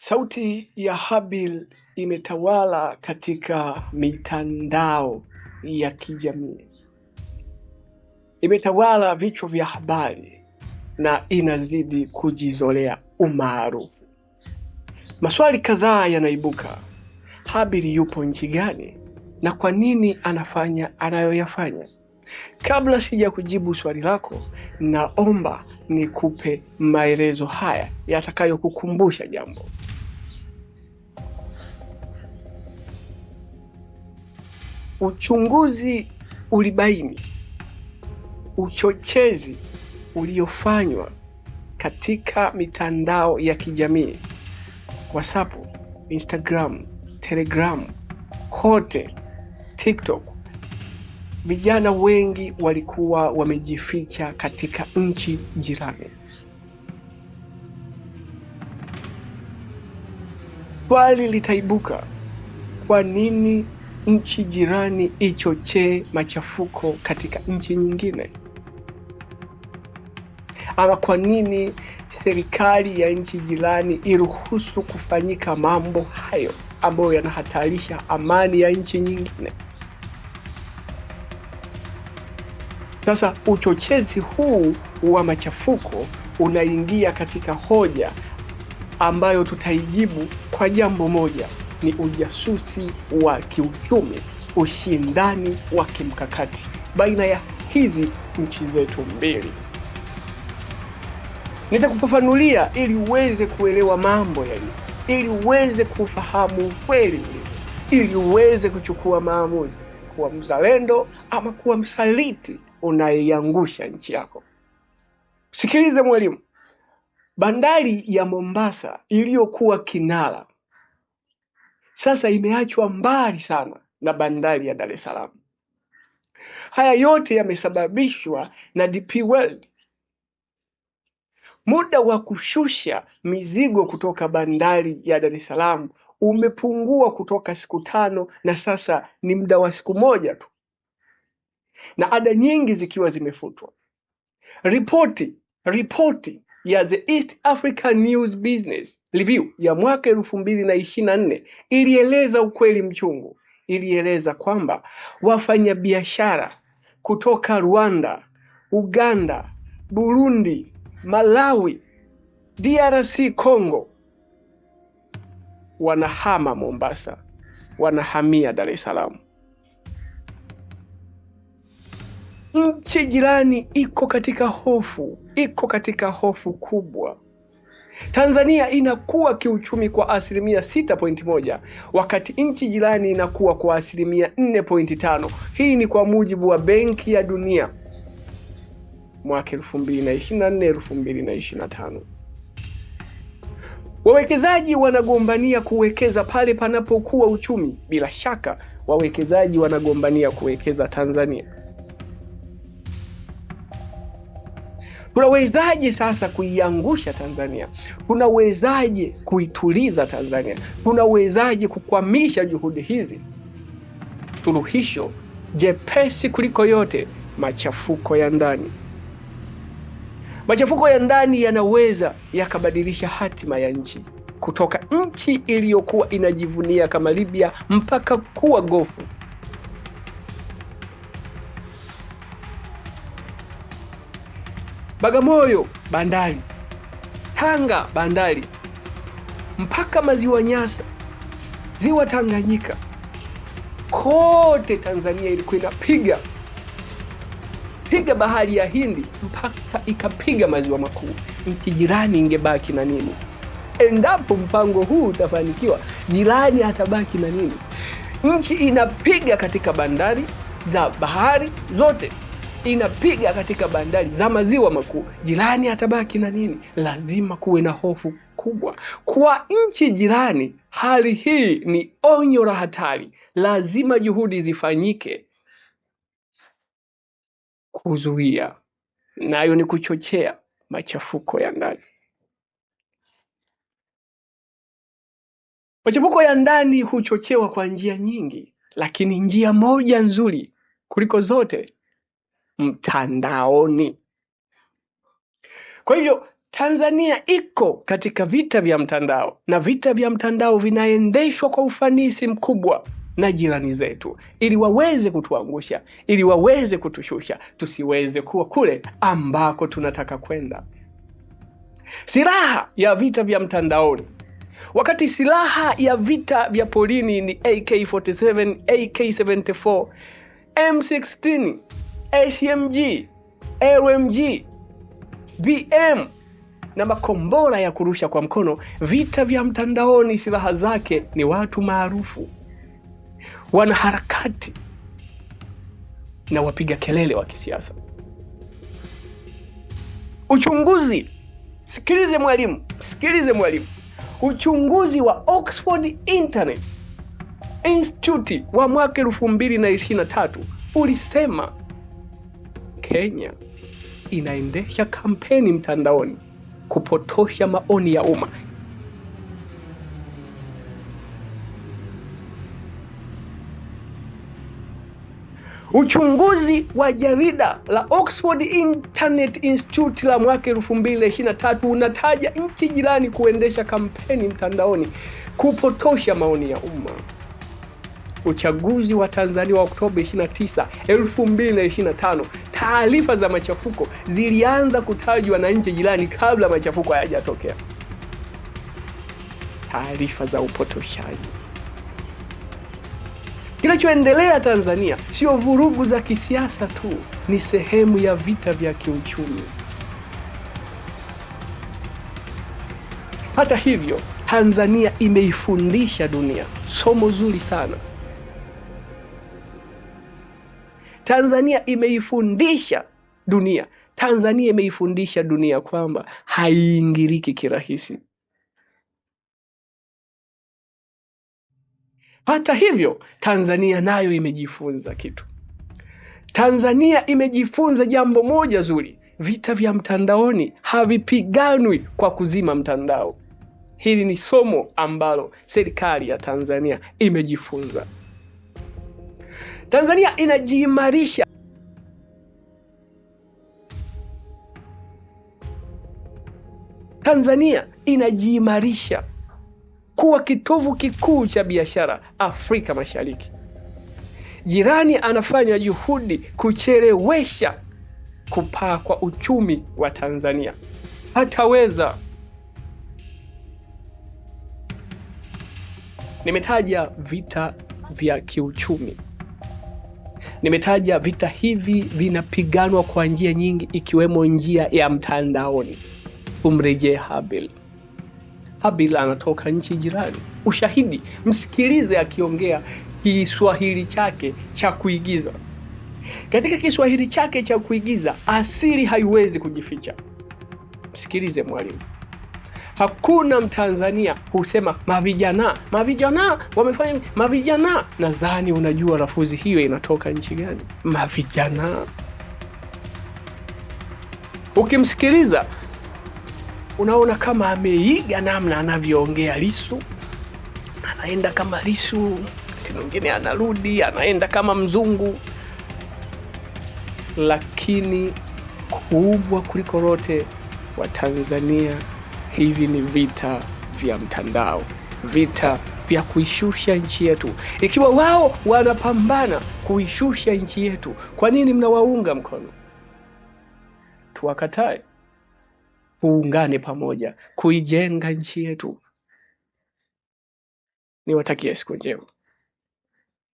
Sauti ya Habil imetawala katika mitandao ya kijamii, imetawala vichwa vya habari na inazidi kujizolea umaarufu. Maswali kadhaa yanaibuka: Habil yupo nchi gani na kwa nini anafanya anayoyafanya? Kabla sija kujibu swali lako, naomba nikupe maelezo haya yatakayokukumbusha jambo. Uchunguzi ulibaini uchochezi uliofanywa katika mitandao ya kijamii WhatsApp, Instagram, Telegram, kote TikTok. Vijana wengi walikuwa wamejificha katika nchi jirani. Swali litaibuka, kwa nini nchi jirani ichochee machafuko katika nchi nyingine? Ama kwa nini serikali ya nchi jirani iruhusu kufanyika mambo hayo ambayo yanahatarisha amani ya nchi nyingine? Sasa uchochezi huu wa machafuko unaingia katika hoja ambayo tutaijibu kwa jambo moja ni ujasusi wa kiuchumi, ushindani wa kimkakati baina ya hizi nchi zetu mbili. Nitakufafanulia ili uweze kuelewa mambo yaliyo, ili uweze kufahamu ukweli, ili uweze kuchukua maamuzi, kuwa mzalendo ama kuwa msaliti unayeiangusha nchi yako. Sikilize mwalimu, bandari ya Mombasa iliyokuwa kinara sasa imeachwa mbali sana na bandari ya Dar es Salaam. Haya yote yamesababishwa na DP World. Muda wa kushusha mizigo kutoka bandari ya Dar es Salaam umepungua kutoka siku tano na sasa ni muda wa siku moja tu, na ada nyingi zikiwa zimefutwa. Ripoti ripoti ya The East African News Business Review ya mwaka elfu mbili na ishirini na nne ilieleza ukweli mchungu. Ilieleza kwamba wafanyabiashara kutoka Rwanda, Uganda, Burundi, Malawi, DRC Congo wanahama Mombasa, wanahamia Dar es Salaam. Nchi jirani iko katika hofu, iko katika hofu kubwa. Tanzania inakuwa kiuchumi kwa asilimia 6.1 wakati nchi jirani inakuwa kwa asilimia 4.5. Hii ni kwa mujibu wa Benki ya Dunia mwaka 2024 2025. Wawekezaji wanagombania kuwekeza pale panapokuwa uchumi. Bila shaka wawekezaji wanagombania kuwekeza Tanzania. Kunawezaje sasa kuiangusha Tanzania? Kunawezaje kuituliza Tanzania? Kunawezaje kukwamisha juhudi hizi? Suluhisho jepesi kuliko yote, machafuko ya ndani. Machafuko ya ndani yanaweza yakabadilisha hatima ya nchi kutoka nchi iliyokuwa inajivunia kama Libya mpaka kuwa gofu. Bagamoyo bandari, Tanga bandari, mpaka maziwa Nyasa, ziwa Tanganyika, kote Tanzania ilikuwa inapiga piga bahari ya Hindi mpaka ikapiga maziwa makuu. Nchi jirani ingebaki na nini? Endapo mpango huu utafanikiwa, jirani atabaki na nini? Nchi inapiga katika bandari za bahari zote inapiga katika bandari za maziwa makuu, jirani atabaki na nini? Lazima kuwe na hofu kubwa kwa nchi jirani. Hali hii ni onyo la hatari, lazima juhudi zifanyike kuzuia, nayo ni kuchochea machafuko ya ndani. Machafuko ya ndani huchochewa kwa njia nyingi, lakini njia moja nzuri kuliko zote mtandaoni. Kwa hivyo Tanzania iko katika vita vya mtandao na vita vya mtandao vinaendeshwa kwa ufanisi mkubwa na jirani zetu, ili waweze kutuangusha, ili waweze kutushusha, tusiweze kuwa kule ambako tunataka kwenda. Silaha ya vita vya mtandaoni wakati silaha ya vita vya polini ni AK47, AK74, M16 ACMG, LMG, BM na makombora ya kurusha kwa mkono. Vita vya mtandaoni, silaha zake ni watu maarufu, wanaharakati na wapiga kelele wa kisiasa. Uchunguzi, sikilize mwalimu, sikilize mwalimu. Uchunguzi wa Oxford Internet Institute wa mwaka elfu mbili na ishirini na tatu ulisema Kenya inaendesha kampeni mtandaoni kupotosha maoni ya umma. Uchunguzi wa jarida la Oxford Internet Institute la mwaka 2023 unataja nchi jirani kuendesha kampeni mtandaoni kupotosha maoni ya umma. Uchaguzi wa Tanzania wa Oktoba 29, 2025 taarifa za machafuko zilianza kutajwa na nchi jirani kabla machafuko hayajatokea. Taarifa za upotoshaji. Kinachoendelea Tanzania sio vurugu za kisiasa tu, ni sehemu ya vita vya kiuchumi. Hata hivyo, Tanzania imeifundisha dunia somo zuri sana. Tanzania imeifundisha dunia, Tanzania imeifundisha dunia kwamba haiingiriki kirahisi. Hata hivyo, Tanzania nayo imejifunza kitu. Tanzania imejifunza jambo moja zuri, vita vya mtandaoni havipiganwi kwa kuzima mtandao. Hili ni somo ambalo serikali ya Tanzania imejifunza. Tanzania inajiimarisha Tanzania inajiimarisha kuwa kitovu kikuu cha biashara Afrika Mashariki. Jirani anafanya juhudi kuchelewesha kupaa kwa uchumi wa Tanzania. Hataweza. Nimetaja vita vya kiuchumi. Nimetaja vita hivi vinapiganwa kwa njia nyingi, ikiwemo njia ya mtandaoni. Umrejee Habil. Habil anatoka nchi jirani. Ushahidi, msikilize akiongea Kiswahili chake cha kuigiza. Katika Kiswahili chake cha kuigiza, asili haiwezi kujificha. Msikilize mwalimu. Hakuna Mtanzania husema mavijana, mavijana wamefanya mavijana. Nadhani unajua lafuzi hiyo inatoka nchi gani? Mavijana. Ukimsikiliza unaona kama ameiga namna anavyoongea Lisu, anaenda kama Lisu, kati mwingine anarudi anaenda kama mzungu, lakini kubwa kuliko lote Watanzania hivi ni vita vya mtandao, vita vya kuishusha nchi yetu. Ikiwa wao wanapambana kuishusha nchi yetu, kwa nini mnawaunga mkono? Tuwakatae? Tuungane pamoja kuijenga nchi yetu. Niwatakie siku njema.